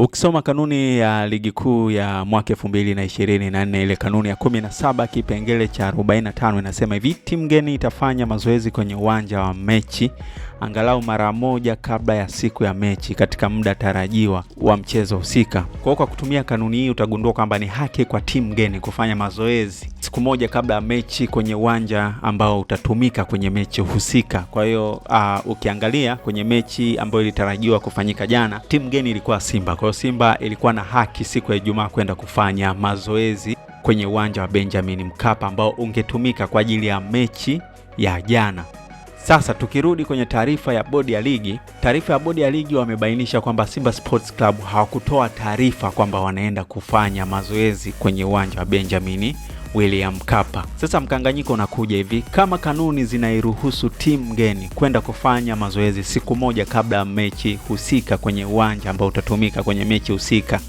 Ukisoma kanuni ya ligi kuu ya mwaka 2024 ile kanuni ya 17 kipengele cha 45 inasema hivi, timu geni itafanya mazoezi kwenye uwanja wa mechi angalau mara moja kabla ya siku ya mechi katika muda tarajiwa wa mchezo husika. Kwa hiyo kwa kutumia kanuni hii utagundua kwamba ni haki kwa timu geni kufanya mazoezi siku moja kabla ya mechi kwenye uwanja ambao utatumika kwenye mechi husika. Kwa hiyo uh, ukiangalia kwenye mechi ambayo ilitarajiwa kufanyika jana, timu geni ilikuwa Simba. Kwa hiyo Simba ilikuwa na haki siku ya Ijumaa kwenda kufanya mazoezi kwenye uwanja wa Benjamin Mkapa ambao ungetumika kwa ajili ya mechi ya jana. Sasa tukirudi kwenye taarifa ya bodi ya ligi, taarifa ya bodi ya ligi wamebainisha kwamba Simba Sports Club hawakutoa taarifa kwamba wanaenda kufanya mazoezi kwenye uwanja wa Benjamin William Mkapa. Sasa mkanganyiko unakuja hivi, kama kanuni zinairuhusu timu mgeni kwenda kufanya mazoezi siku moja kabla ya mechi husika kwenye uwanja ambao utatumika kwenye mechi husika,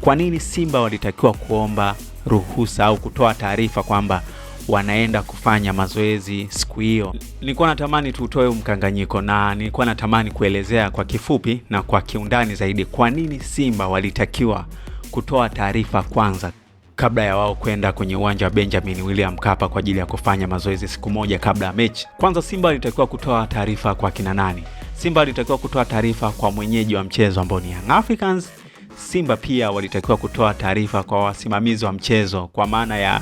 kwa nini Simba walitakiwa kuomba ruhusa au kutoa taarifa kwamba wanaenda kufanya mazoezi siku hiyo. Nilikuwa natamani tuutoe mkanganyiko na nilikuwa natamani kuelezea kwa kifupi na kwa kiundani zaidi kwa nini Simba walitakiwa kutoa taarifa kwanza kabla ya wao kwenda kwenye uwanja wa Benjamin William Mkapa kwa ajili ya kufanya mazoezi siku moja kabla ya mechi. Kwanza Simba walitakiwa kutoa taarifa kwa kina nani? Simba walitakiwa kutoa taarifa kwa mwenyeji wa mchezo ambao ni Young Africans. Simba pia walitakiwa kutoa taarifa kwa wasimamizi wa mchezo kwa maana ya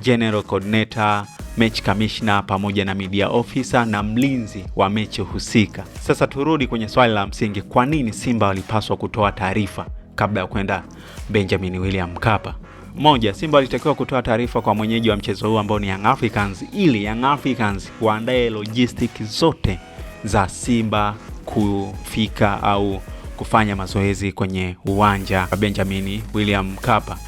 general coordinator, match commissioner pamoja na media officer na mlinzi wa mechi husika. Sasa turudi kwenye swali la msingi, kwa nini Simba walipaswa kutoa taarifa kabla ya kwenda Benjamin William Mkapa? Moja, Simba walitakiwa kutoa taarifa kwa mwenyeji wa mchezo huu ambao ni Young Africans, ili Young Africans waandae logistic zote za Simba kufika au kufanya mazoezi kwenye uwanja wa Benjamin William Mkapa.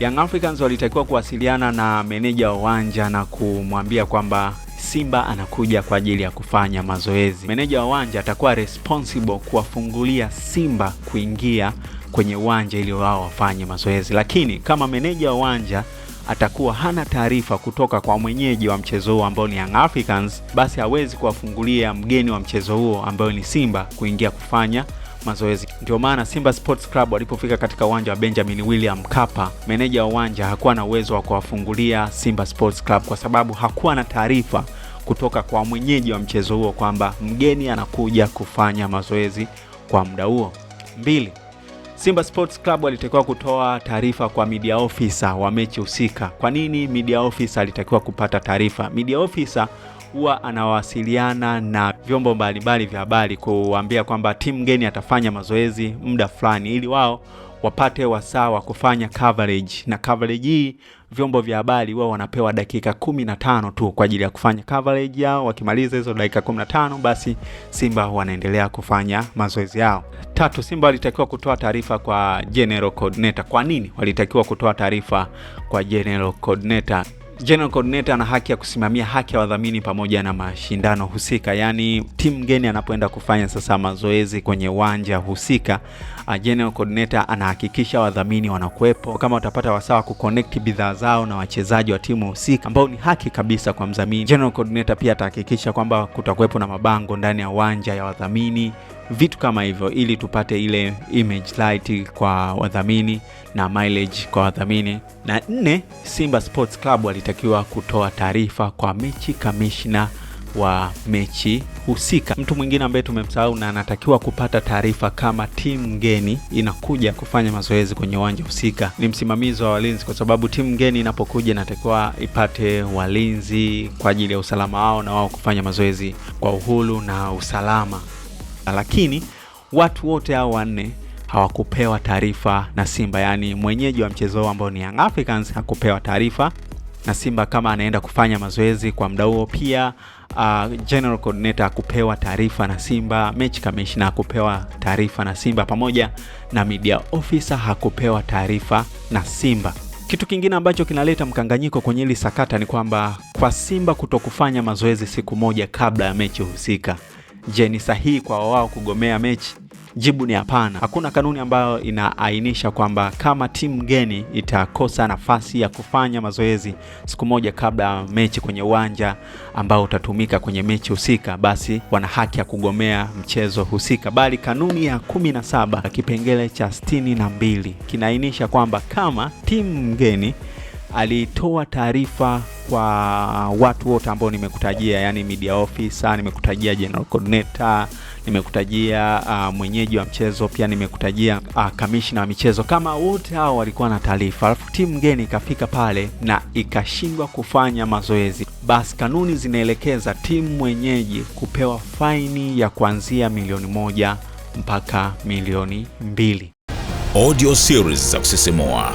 Young Africans walitakiwa kuwasiliana na meneja wa uwanja na kumwambia kwamba Simba anakuja kwa ajili ya kufanya mazoezi. Meneja wa uwanja atakuwa responsible kuwafungulia Simba kuingia kwenye uwanja ili wao wafanye mazoezi, lakini kama meneja wa uwanja atakuwa hana taarifa kutoka kwa mwenyeji wa mchezo huo ambao ni Young Africans, basi hawezi kuwafungulia mgeni wa mchezo huo ambayo ni Simba kuingia kufanya mazoezi. Ndio maana Simba Sports Club walipofika katika uwanja wa Benjamin William Mkapa, meneja wa uwanja hakuwa na uwezo wa kuwafungulia Simba Sports Club kwa sababu hakuwa na taarifa kutoka kwa mwenyeji wa mchezo huo kwamba mgeni anakuja kufanya mazoezi kwa muda huo. Mbili, Simba Sports Club alitakiwa kutoa taarifa kwa media officer wa mechi husika. Kwa nini media officer alitakiwa kupata taarifa? Media officer huwa anawasiliana na vyombo mbalimbali vya habari kuwaambia kwamba timu geni atafanya mazoezi muda fulani, ili wao wapate wasaa wa kufanya coverage. Na coverage hii vyombo vya habari wao wanapewa dakika kumi na tano tu kwa ajili ya kufanya coverage yao. Wakimaliza hizo dakika kumi na tano basi Simba wanaendelea kufanya mazoezi yao. Tatu, Simba walitakiwa kutoa taarifa kwa general coordinator. Kwa nini walitakiwa kutoa taarifa kwa general coordinator? General coordinator ana haki ya kusimamia haki ya wadhamini pamoja na mashindano husika, yaani timu mgeni anapoenda kufanya sasa mazoezi kwenye uwanja husika, uh, general coordinator anahakikisha wadhamini wanakuwepo, kama watapata wasaa wa kuconnect bidhaa zao na wachezaji wa timu husika, ambao ni haki kabisa kwa mdhamini. General coordinator pia atahakikisha kwamba kutakuwepo na mabango ndani ya uwanja ya wadhamini vitu kama hivyo, ili tupate ile image light kwa wadhamini na mileage kwa wadhamini. Na nne, Simba Sports Club walitakiwa kutoa taarifa kwa mechi kamishna wa mechi husika. Mtu mwingine ambaye tumemsahau na anatakiwa kupata taarifa kama timu ngeni inakuja kufanya mazoezi kwenye uwanja husika ni msimamizi wa walinzi, kwa sababu timu ngeni inapokuja inatakiwa ipate walinzi kwa ajili ya usalama wao na wao kufanya mazoezi kwa uhuru na usalama lakini watu wote hao wanne hawakupewa taarifa na Simba, yaani mwenyeji wa mchezo huo ambao ni Young Africans hakupewa taarifa na Simba kama anaenda kufanya mazoezi kwa muda huo. Pia uh, general coordinator hakupewa taarifa na Simba, mechi kamishna hakupewa taarifa na Simba, pamoja na media officer hakupewa taarifa na Simba. Kitu kingine ambacho kinaleta mkanganyiko kwenye hili sakata ni kwamba kwa Simba kutokufanya mazoezi siku moja kabla ya mechi husika Je, ni sahihi kwa wao kugomea mechi? Jibu ni hapana. Hakuna kanuni ambayo inaainisha kwamba kama timu geni itakosa nafasi ya kufanya mazoezi siku moja kabla ya mechi kwenye uwanja ambao utatumika kwenye mechi husika, basi wana haki ya kugomea mchezo husika, bali kanuni ya 17 kipengele cha 62 na kinaainisha kwamba kama timu mgeni alitoa taarifa kwa watu wote ambao nimekutajia, yani media officer, nimekutajia general coordinator, nimekutajia uh, mwenyeji wa mchezo pia nimekutajia ah, kamishna kamishina wa michezo. Kama wote hao walikuwa na taarifa, alafu timu ngeni ikafika pale na ikashindwa kufanya mazoezi, basi kanuni zinaelekeza timu mwenyeji kupewa faini ya kuanzia milioni moja mpaka milioni mbili. Audio series za kusisimua